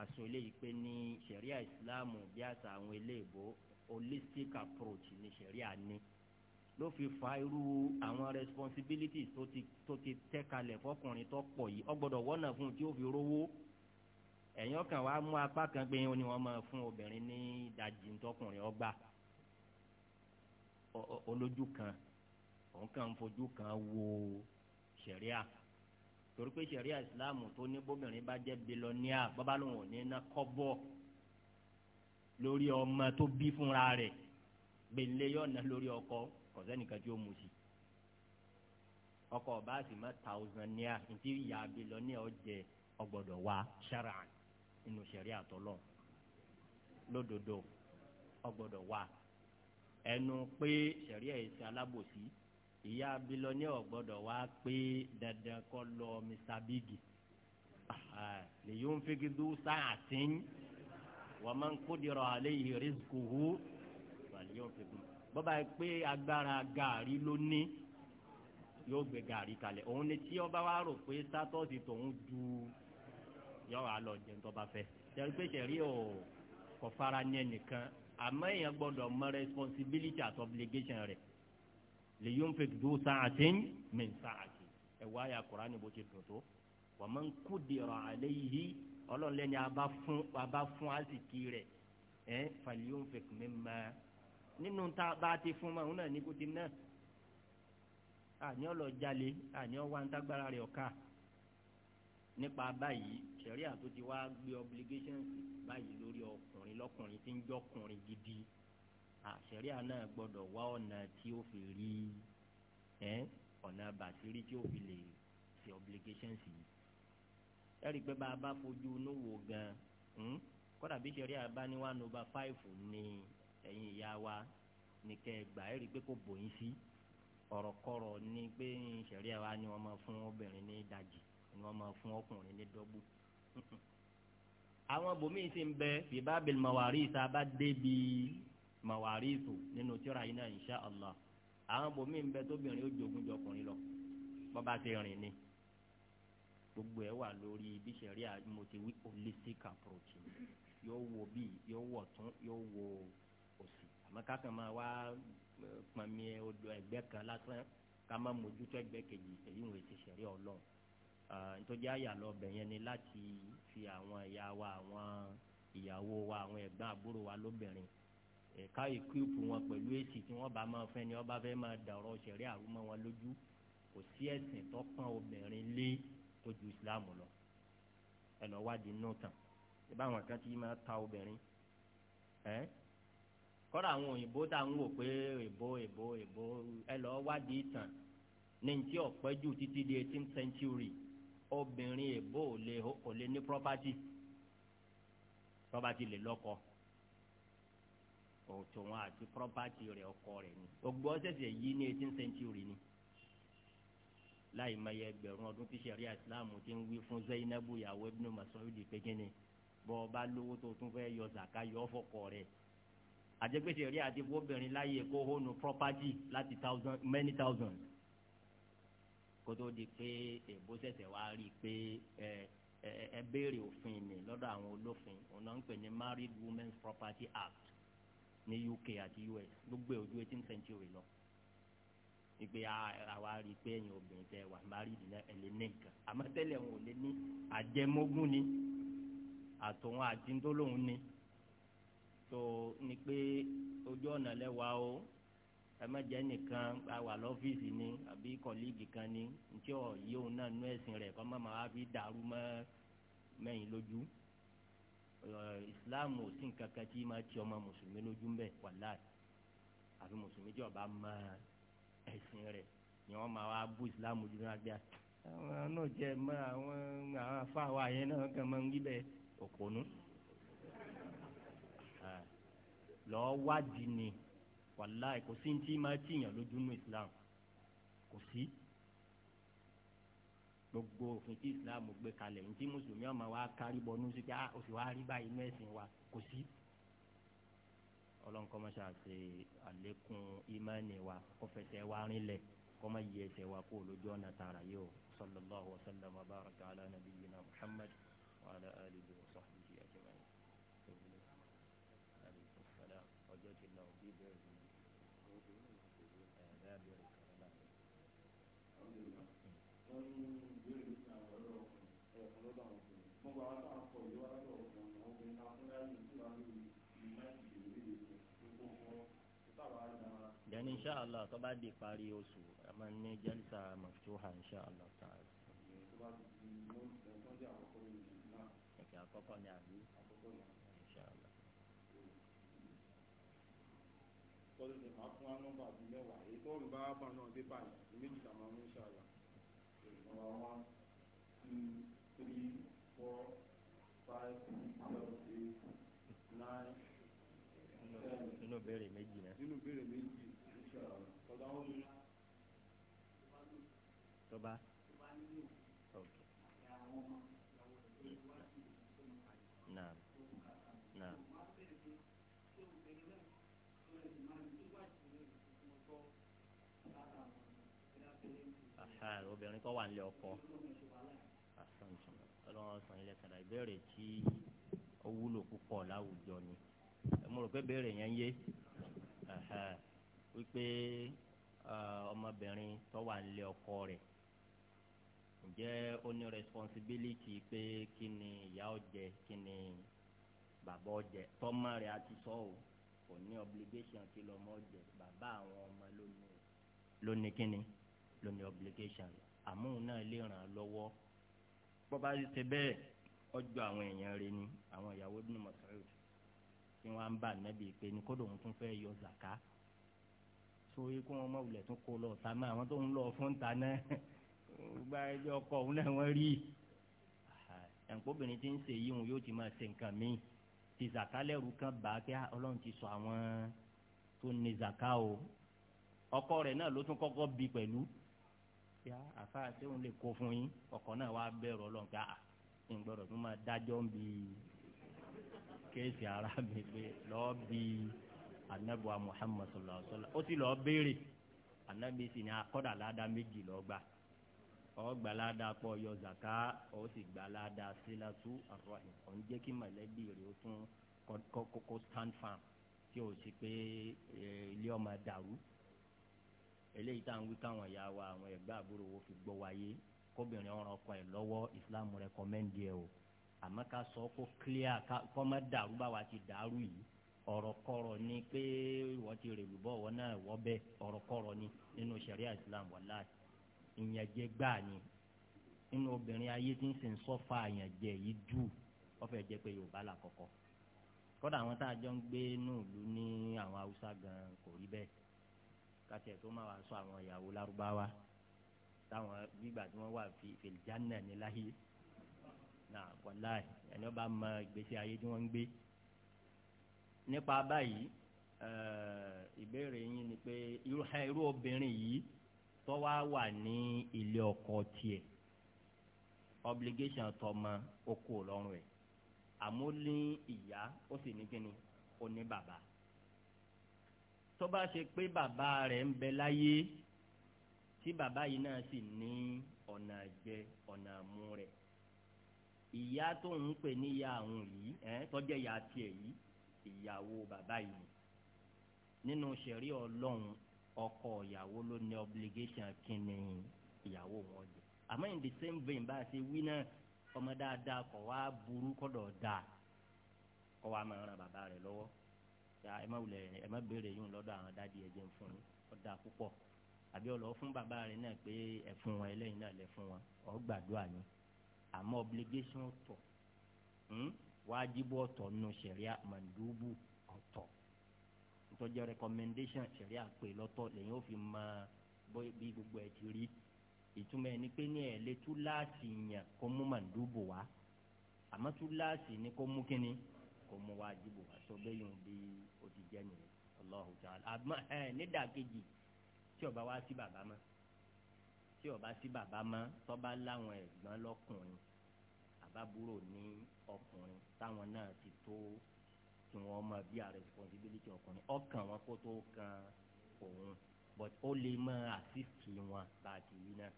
aṣọ eléyìí pé ní sẹ̀ríà ìsìláàmù bí àṣà àwọn eléèbó holistic approach ni sẹ̀ríà ní ló fi fa irú àwọn responsibilities tó ti tó ti tẹ́ kalẹ̀ fọkùnrin tó pọ̀ yìí ó gbọ́dọ̀ wọ́nà fún un tí ó fi rówó ẹ̀yin ọkàn wa mú apá kan gbé yín ni wọ́n máa fún obìnrin ní ìdajì ntọ́kùnrin ọgbà olójú kan òun kàn ń fojú kan wo ṣẹ̀ríà torí pé ṣẹ̀ríà ìsìláàmù tó ní bóbìnrin bá jẹ́ bilọ́níà bábá lòun ò ní ná kọ́bọ̀ lórí ọmọ tó bí fúnra rẹ̀ gbèlè yóò ná lórí ọkọ kọ̀sẹ́nìkan tí ó mu sí ọkọ ọba sì má tàùsàn níà ntí ìyá bilọ́níà ọ̀jẹ̀ ọgbọ́dọ̀ wá ṣáràn nínú sẹ̀rí àtọ́lọ́ lódodo ọgbọ́dọ̀ wà ẹnu pé sẹ̀rí ẹ̀sìn alábòsí ìyá abilọ́ní ọ̀gbọ́dọ̀ wá pé dandan kọ́ lọ Mr Big lèyí ń figidu sáàtìn wọ́n máa ń kódirọ̀ alẹ́ yìí rìsíkùhù wàlẹ́ yóò figidu bọ́ba yìí pé agbára gàárì ló ní yóò gbé gàárì kalẹ̀ òun ni tí ọba wa rò pé sátọ́sì tòun ju yọ àlọ jẹun tó bá fẹ́ jẹun pé jẹrí o kò fara ní ẹnìkan àmọ́ èèyàn gbọ́dọ̀ mọ responsibility àti obligation rẹ̀ lè yóò fi du sàátì min sàátì ẹ̀wọ́ àyà kura ni bó ti dùn tó wa man kudira alayhi ọlọ́ọ̀lẹ́ni abá fún abá fún àsìkí rẹ̀ ẹ̀ falyunfiq mimma nínú tá a bá ti fún ma òun náà ní kùtì náà àní ọlọ́ọ̀jalè àní ọwọ́ antagbára rẹ̀ ọ̀ka nípa báyìí sẹ̀ríà tó ti wá gbé obligations báyìí lórí ọkùnrin lọ́kùnrin tí ń jọkùnrin gidi sẹ̀ríà náà gbọ́dọ̀ wá ọ̀nà tí ó fi rí ọ̀nà bàtírí tí ó fi lè ṣe obligations yìí ẹ̀rí pé bá a bá fojú inú wò gan hm, kódà bí sẹ̀ríà bá ní one over five ní ẹ̀yìn ìyá wa ní kẹgbà ẹ̀rí pé kò bòyìn sí ọ̀rọ̀kọ̀rọ̀ ní pé sẹ̀ríà wa ni wọ́n máa fún obìnrin ní ìdajì ni wọ́n máa fún ọkùnrin ní dọ́gbù. àwọn bòmíì sì ń bẹ fi bábìlì mọ̀wárí ìta bá débi mọ̀wárí ìtò nínú tíra yìí náà insha Allah àwọn bòmíì ń bẹ tóbìnrin ó jogún jọ ọkùnrin lọ bọ́ba ti rìn ni gbogbo ẹ wà lórí bí sẹ̀ríà mo ti wí holistic approach yóò wo bí yóò wọ̀ tún yóò wo òsì àmọ́ kákan máa wá pọnmi odò ẹgbẹ́ kan lásán ká má mójútó ẹgbẹ́ kejì èyí ń wò ti sẹ̀ríà ọlọ́run nítorí àyà lọ bẹ̀ yẹn ni láti fi àwọn ìyá wa àwọn ìyàwó wa àwọn ẹ̀gbọ́n àbúrò wa lóbìnrin ẹ̀ka ìkúùpù wọn pẹ̀lú èsì tí wọ́n bá máa fẹ́ ni wọ́n bá fẹ́ máa dàrọ̀ ṣẹ̀rí àrùmọ́ wọn lójú kò sí ẹ̀sìn tó pọ́n obìnrin lé tó ju Islam lọ ẹ lọ wádìí inú tàn ìbá àwọn kan ti máa ta obìnrin ẹ kọ́ra àwọn òyìnbó tá à ń wò pé èbó èbó èbó ẹ lọ wádìí tàn ní ti ọ̀pẹ́jù títí di eighteenth century obìnrin èbó ò lè ò lè ní property property lè lọ́kọ òtò wọn àti property rẹ̀ ọkọ rẹ̀ ni gbogbo ọ̀sẹ̀sẹ̀ yìí ní eighteen century ni láì máa yẹ ẹgbẹ̀rún ọdún tí ṣẹ̀ríà Islam ti ń wí fún Zainabu ìyàwó Ibn Mas'ud pé kíni bọ́ ọ bá lówó tó tún fẹ́ yọ zaka yọ ọ́ fọkọ rẹ̀ àjẹgbèsè rí àti fóbìnrin láyè kó hónú property láti thousand many thousands kótó di pé èbó ṣẹ̀ṣẹ̀ wá rí i pé ẹ ẹ béèrè òfin mi lọ́dọ̀ àwọn olófin òun ń pè ní Married Women's Property Act ní UK àti US gbogbo ojú eighteen century lọ ìgbé àwa rí i pé ẹ̀yin obìnrin tẹ wà married náà ẹ̀ lè ní nǹkan àmọ́ tẹ́lẹ̀ wọn ò lè ní àjẹmógún ni àtòun àti ńdólóhùn ni tó ní pé ojú ọ̀nà lẹ́wàá o. So, ẹ má jẹ́ nìkan àwà lọ́fíìsì ni àbí kọ̀líìgì kan ni ntí ọ̀ yí òun náà nú ẹ̀sìn rẹ̀ kọ́ má máa fi dàrú mọ́ mẹ́yìn lójú ìsìláàmù ò sí nǹkan kan tí máa ti ọmọ mùsùlùmí lójú mbẹ wàláì àfi mùsùlùmí tí ọba mọ ẹ̀sìn rẹ̀ ni wọ́n máa wá bú ìsìláàmù jù náà gbé àwọn náà jẹ́ mọ àwọn àwọn afáwa yẹn náà kàn máa ń gbé bẹ́ẹ̀ òpònú lọ́ọ́ wádìí ni wàláì kò sí ti máa tìyàn lójú nù islam kò sí gbogbo òfin tí islam gbé kalẹ̀ ní tí mùsùlùmí ọmọ wa kárí bọnú sí pé a ò sì wá rí báyìí inú ẹ̀sìn wa kò sí. ọlọ́run kọ́ máa ṣàṣe àlékún ìmánì wa kó fẹsẹ̀ wa rinlẹ̀ kó máa yí ẹsẹ̀ wa kó lójú ọ̀nà tààrà yìí o sallallahu wa sallam wa baraka ala nabiyyina muhammad wa ala alihi wa sahbihi. wọ́n ní Allah nípa àwọn ọ̀rọ̀ ọkùnrin ẹ̀ẹ̀kan ló bá wọn fún un. mo gbà wọn táwọn kọ ìwé wa tó bá di parí oṣù a máa ní jẹ́lísà mọ̀tòhà inṣàlá tààrà. ẹ̀kẹ́ àkọ́kọ́ ni àbí inṣàlá. máa fún wa bíi mẹ́wàá èyí tó ń bá bá náà dé báyìí méjìlá máa ń inṣàlá two, three, four, five, six, nine. nínú béèrè méjì náà. nínú béèrè méjì. tọ́ba. obìnrin tó wà nílé ọkọ ọlọ́run sàn ilẹ̀ kàdà ìbéèrè tí ó wúlò púpọ̀ láwùjọ ni mo rò pé béèrè yẹn yé wípé ọmọbìnrin tó wà nílé ọkọ rẹ̀ ǹjẹ́ ó ní responsibility pé kí ni ìyá ọ̀jẹ̀ kí ni bàbá ọ̀jẹ̀ tọ́mọ rẹ̀ á ti sọ ò kò ní obligation kí lọ́mọ ọ̀jẹ̀ bàbá àwọn ọmọ lónìí lónìí kí ni lónìí obligation rẹ̀ àmóhùn náà lè ràn án lọ́wọ́ bọ́ba ṣe bẹ́ẹ̀ ọjọ́ àwọn èèyàn rẹ ni àwọn ìyàwó Ibn Mas'ud tí wọ́n á ń bá nẹ́bí pé ní kódò òun tún fẹ́ yọ zàká sórí kó wọn mọ̀wulẹ̀ tún kó lọ ta náà àwọn tó ń lọ fún ta náà *laughs* gba ẹjọ́ ọkọ òun náà wọ́n rí ẹ̀ǹkóbìnrin tí ń ṣe yìí òun yóò ti máa ṣe nǹkan míì ti zàká lẹ́rù kan bá kí ah, ọlọ́run ti sọ àwọn tó ní zàká o ọkọ rẹ̀ náà ló tún kọ́kọ́ bí pẹ̀lú pé ah, àfa àti òun lè kó fún yín ọkọ̀ náà wàá bẹ̀rù ọlọ́run pé à ah, ń gbọ́dọ̀ tó máa dájọ́ bi kéèsì ara mi pé lọ́ọ́ bi anabuwa muhammad sallallahu alaihi wa sallam ó ti lọ́ọ́ béèrè anabi sì ni akọ́dà ah, ládàá méjì lọ́ọ́ gbà ọ gbalada pọ yọ zaka ọ sì gbalada silatu arahim ọ ń jẹ́ kí mọ̀lẹ́bí rẹ̀ ó tún kọ́kọ́ stand firm tí o sì pé eh, ilé ọmọ dàrú eléyìí tá à ń wí káwọn ìyá wa àwọn ẹ̀gbọ́n àbúrò wo fi gbọ́ wáyé kóbìnrin ọ̀rọ̀ ọkọ ẹ̀ lọ́wọ́ Islam rẹ̀kọ́mẹ́ndì ẹ̀ o àmọ́ ká sọ kó clear kó má dàrú báwa ti dàrú yìí ọ̀rọ̀kọ̀rọ̀ ni pé ìwọ ti rèlú bọ̀ wọ́n náà wọ́ bẹ́ẹ̀ ọ̀rọ̀kọ̀rọ̀ ni nínú ṣẹ̀ríà Islam wàlá ìyànjẹ gbáà ni nínú obìnrin ayé tí ń sìn sọ́fà ìyànjẹ yìí jù wọ́n fẹ́ jẹ́ pé Yorùbá là kọ́kọ́ kódà àwọn tá a jọ ń gbé nùlú ní àwọn Haúsá gan kò rí bẹ́ẹ̀ kàtẹ́ tó máa wá sọ àwọn ìyàwó lárúbáwá táwọn gbígbà tí wọ́n wà fìlìjánà ní láyé náà wọlá ẹni wọ́n bá mọ ìgbésí ayé tí wọ́n ń gbé. nípa báyìí eh, ìbéèrè yín ni pé irú obìnrin yìí tó wá wà ní ilé ọkọ tiẹ̀ obligation tọmọ okòó lọ́rùn ẹ̀ àmọ́ ní ìyá ó sì ní kíni ó ní bàbá tó bá ṣe pé bàbá rẹ̀ ń bẹ láyé tí bàbá yìí náà sì ní ọ̀nà àjẹ ọ̀nà àmú rẹ̀ ìyá tó ń pè ní ìyá àwọn yìí ẹ̀ tọ́jẹ́ ìyá tiẹ̀ yìí ìyàwó bàbá yìí nínú sẹ̀rí ọlọ́run ọkọ ìyàwó ló ní obligation kínní ìyàwó wọn jẹ àmọ́ in the same vein bá a ṣe wí náà ọmọ dáadáa kọ̀ wá burú kọ́dọ̀ dáa kọ́ wá máa ran bàbá rẹ̀ lọ́wọ́ Ah, ẹ má wulẹ̀ ẹ má béèrè yín lọ́dọ̀ àwọn dádì ẹ̀jẹ̀ ń fún yín ọ̀dà púpọ̀ àbí ọ̀lọ́ fún bàbá rẹ̀ náà pé ẹ̀ fún wọn ẹlẹ́yìn náà lẹ̀ fún wọn ọ̀ gbàdúrà ni àmọ́ obligation ọ̀tọ̀ hmm, wájibú ọ̀tọ̀ nù sẹ̀ríà màdúbù ọ̀tọ̀ ntọ́jú recommendation sẹ̀ríà pé lọ́tọ̀ lẹ́yìn ó fi mọ bí gbogbo ẹ̀ ti rí ìtumọ̀ ẹni pé ní ẹ̀ lé túláàsì yàn kó mú màdúbù wá àmọ́ túláàsì ni kó mú kínní kó mú wá jíbò wá bí ó ti jẹ́ nìyẹn Allahu ta'ala àmọ́ ẹ nídàkejì tí ó bá wá sí bàbá mọ́ tí ó bá sí bàbá mọ́ tó bá láwọn ẹ̀gbọ́n lọ́kùnrin àbábúrò ní ọkùnrin táwọn náà ti tó kí wọ́n máa bí a responsibility ọkùnrin ọkàn wọn kó tó kan òun but ó lè máa assist wọn bá a ti rí náà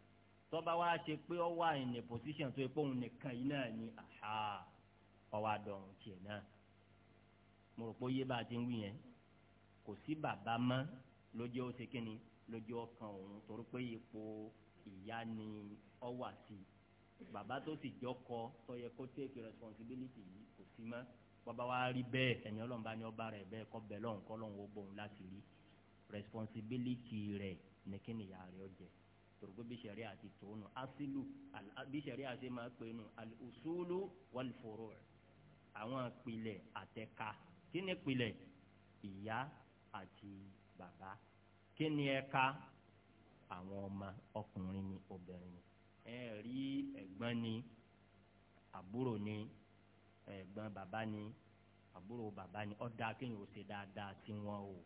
tó bá wá ṣe pé ó wà in position tó yẹ pé òun nìkan yìí náà ni àhà ọwọ́ àdọ̀rùn tiẹ̀ náà mo rò pé ó yé bá a ti ń wí yẹn kò sí bàbá mọ́ lójú ó ṣe kínni lójú ọkàn òun torí pé ipò ìyá ni ọ wà sí i bàbá tó sì jọkọ tó yẹ kó take responsibility yìí kò sí mọ́ bàbá wa rí bẹ́ẹ̀ ẹ̀yìn ọlọ́run bá ní ọba rẹ̀ bẹ́ẹ̀ kọ́ bẹ́ẹ̀ lọ́run kọ́ lọ́run ó bóun láti rí responsibility rẹ̀ ní kí nìyá rẹ̀ ọ jẹ́ toroko bisari ati tonu asilu bisari ati ma pe nu alusulu waliforo àwọn ìpìlẹ̀ àtẹ̀ka kí ni ìpìlẹ̀ ìyá àti bàbá kí ni ẹ̀ka àwọn ọmọ ọkùnrin ni obìnrin ni ẹ rí ẹ̀gbọ́n ni àbúrò ni ẹ̀gbọ́n bàbá ni àbúrò bàbá ni ọ̀dà kéèyàn ó ṣe dáadáa sí wọn o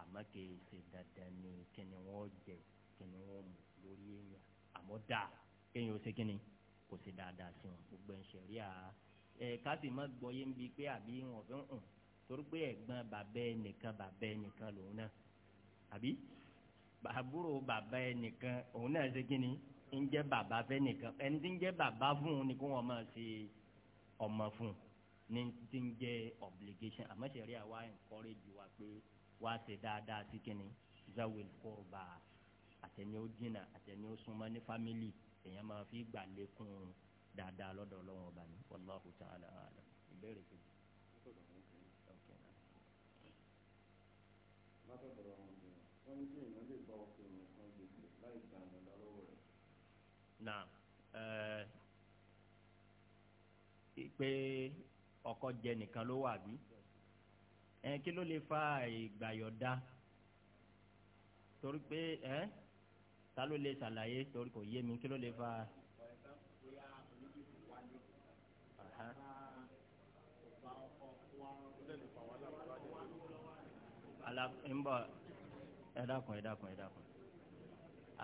àmọ́ kì ṣe dandan ni kí ni wọ́n jẹ kí ni wọ́n mú lórí èèyàn àmọ́ dáa kéèyàn ó ṣe kí ni kò ṣe dáadáa sí wọn gbogbo ẹ̀ ń ṣẹ̀rí àá ẹ̀ka sì má gbọ́ yé ń bi pé àbí wọn fi ń hàn torí pé ẹ̀gbọ́n bàbá ẹnìkan bàbá ẹnìkan lòun náà àbí àbúrò bàbá ẹnìkan òun náà ṣe kíni ń jẹ́ bàbá fẹ́nìkan ẹni tí ń jẹ́ bàbá fún un ni kó wọn máa ṣe ọmọ fún un ní ti ń jẹ́ obligation àmọ́ sẹ̀rí àwa encourage wa pé wá ṣe dáadáa sí kíni zawel kọ́ọ̀bà àtẹni ó jìnnà àtẹni ó súnmọ́ ní fámìlì èèyàn máa fi gbà lékún un dáadáa lọ́dọ̀ ọlọ́run ọba ni wallahu ta'ala a'lam ìbéèrè kejì. látọ̀dọ̀ àwọn ènìyàn wọ́n ní kí èèyàn lè gba ọkùnrin kan gbèsè láì gba àmọ̀dá lọ́wọ́ rẹ̀. nà eh, pé ọkọ jẹ nìkan ló wà bí eh, kí ló lè fa ìgbàyọ̀dá torí pé eh, ta ló lè ṣàlàyé torí kò yé mi kí ló lè fa. nbọ ẹ dákun ẹ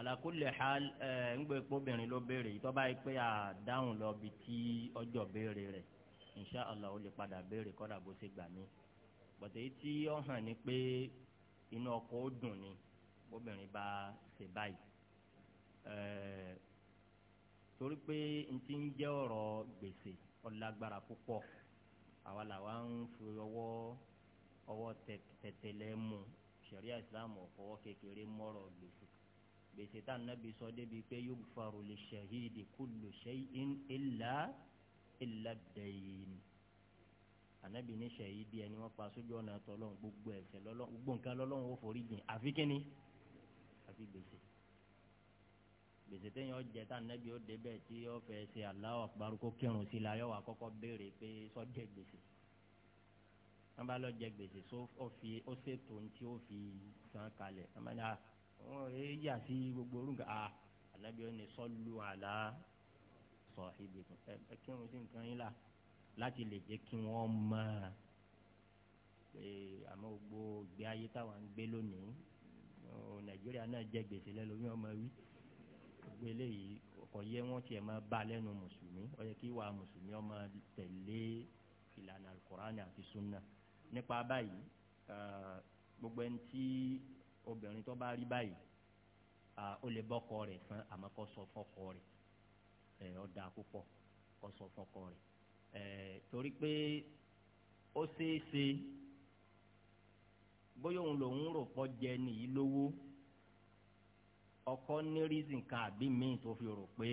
dákun hal ẹ ńgbẹ kpọbìnrin ló béèrè yìí tọ́ba yìí pé a dáhùn lọ bi tí ọjọ́ béèrè rẹ̀ insha allah ó lè padà béèrè kọ́dà bó ṣe gbà mí tí ó hàn ní pé inú ọkọ̀ ó dùn ni bóbìnrin bá ṣe báyìí torí pé n ti ń jẹ́ ọ̀rọ̀ gbèsè ọlágbára púpọ̀ àwa làwa ń fi ọwọ́ ọwọ́ tẹ̀tẹ̀lẹ̀ mu sẹ̀ríà ìsìlámù ọ̀fọwọ́ kékeré mọ́rọ̀ gbèsè gbèsè tá nàbí sọ débi pé yugfaru li shahidi kullu shay'in illa illa dayn ànábì ní shahidi ẹni wọ́n pa sójú ọ̀nà tọ́lọ́hún gbogbo ẹ̀ṣẹ̀ lọ́lọ́hún gbogbo lọ́lọ́hún ó forí jìn àfi kíni àfi gbèsè gbèsè téèyàn jẹ tá nẹbi ó débẹ̀ tí ó fẹ́ ṣe Allahu Akbar kó kírun sí la yọ wà kọ́kọ́ béèrè pé sọjẹ gbèsè wọn bá lọ jẹ gbèsè so ó fi ó ṣètò ní tí ó fi san kalẹ̀ wọn bá ní a wọn ò yà sí gbogbo orúkọ a ànábi ó ní sọlù àlá sọ ibi ẹ kírun sí nǹkan yín la láti lè jẹ kí wọn mọ ẹ àmọ́ gbogbo ìgbé ayé táwọn ń gbé lónìí Nàìjíríà náà jẹ gbèsè lẹ́nu omi ọmọ wí pé eléyìí kò yẹ wọn tiẹ̀ máa bá lẹ́nu mùsùlùmí ó yẹ kí wàá mùsùlùmí ó máa tẹ̀lé ìlànà alukur'ani àti sunna nípa báyìí gbogbo ẹni tí obìnrin tó bá rí báyìí ó lè bọ́kọ rẹ̀ fún àmọ́ kó sọ fọ́kọ rẹ̀ ó dáa púpọ̀ kó sọ fọ́kọ rẹ̀ torí pé ó ṣeé ṣe bóyá òun lòun rò pọ̀ jẹ nìyí lówó ọkọ ní reason kan àbí míì tó fi rò pé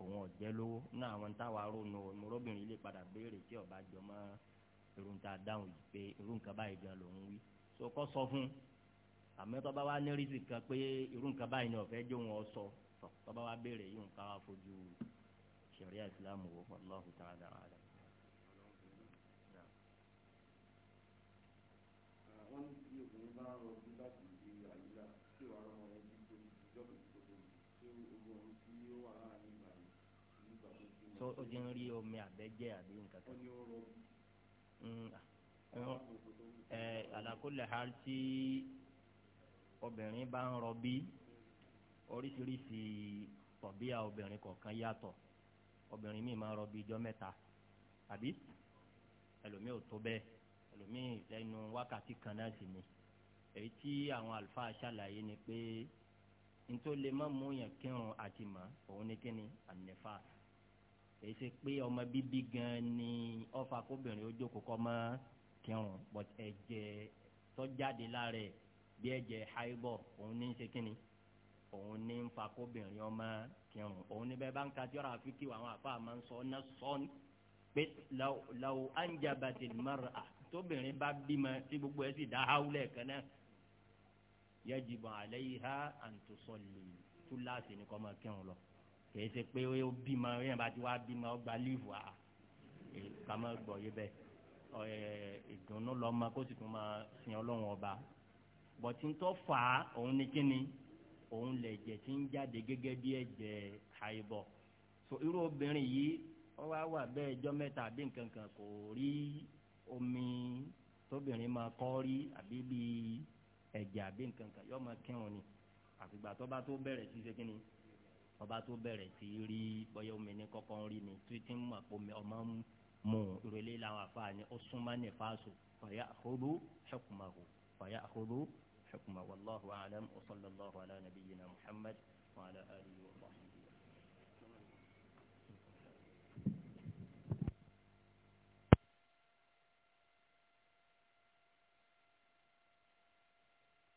òun ọ̀jẹ́ lówó ní àwọn táwa ronú ọmọrọ́bìnrin lè padà béèrè tí ọba jọ mọ́ irun tá a dáhùn yìí pé irú nǹkan báyìí gan lòún wí so kọ́ sọ fún àmọ́ tọ́ba wa ní reason kan pé irú nǹkan báyìí ni ọ̀fẹ́ jó wọn sọ tọ́ba wa béèrè yìí nǹkan wa fojú ṣẹ̀ríà ìsìlámù wò Allahu ta'ala àlẹ́. wọ́n ní kí obìnrin bá rọ sọ ó ti ń rí omi àbẹ́jẹ́ àbí nǹkan kan. ẹ àlàkólẹ̀ ha tí obìnrin bá ń rọbí oríṣiríṣi tọ̀bíà obìnrin kọ̀ọ̀kan yàtọ̀ obìnrin míì máa ń rọbí ijọ́ mẹ́ta àbí ẹlòmíì ò tó bẹ́ẹ̀ ẹlòmíì lẹ́nu wákàtí kan náà sì ni èyí tí àwọn àlùfáà ṣàlàyé ni pé ntó lè má kírun àti mà òun ni kíni ànífà èyí ṣe pé ọmọ bíbí gan ni ọfà kóbìnrin ó jókòó kọ́ mọ́ kírun but ẹ̀jẹ̀ tó jáde lára ẹ̀ bí ẹ̀jẹ̀ haibọ̀ òun ní í ṣe kínni òun ní ń fa kóbìnrin ọmọ kírun òun ní bẹ́ẹ̀ bá ń ka tí ọ̀rọ̀ àfikì àwọn àfa máa sọ ọ́ ná sọ́ọ́nù pé làwọn anjabati mara tóbìnrin bá bímọ tí gbogbo ẹ sì dá haúlẹ̀ kan náà yajibu alayha an tusalli túláàsì ní kọ́ máa kírun lọ kìí ṣe pé ó bímọ yẹn bá ti wá bímọ ọgbà líìfù à ká má gbọ́ yé bẹ́ẹ̀ ẹ ìdùnnú lọ́mọ kó sì tún máa sin ọlọ́run ọba bọ̀tí ń tọ́ fà á òun ni kíni òun lè jẹ́ tí ń jáde gẹ́gẹ́ bí ẹ̀jẹ̀ àìbọ̀ so irú obìnrin yìí wọ́n wá wà bẹ́ẹ̀ ẹjọ́ mẹ́ta àbí nǹkan kan kò rí omi tóbìnrin máa kọ́ rí àbí bíi ẹ̀jẹ̀ àbí nǹkan kan yọ́ máa kírun ni àfìgbà tó bá tó bẹ̀rẹ̀ sí ṣe kíni ọba tó bẹ̀rẹ̀ sí í rí bọ́yọ̀ omi ní kọ́kọ́ rí ni títí mọ̀ pé ọmọ ń mú un ìrọ̀lẹ́ làwọn afáàní ó súnmọ́ ní fáṣọ fàyà àkóró ṣẹkùmàwò fàyà àkóró ṣẹkùmàwò wallahu a'lam wa sallallahu ala nabiyyina muhammad wa ala alihi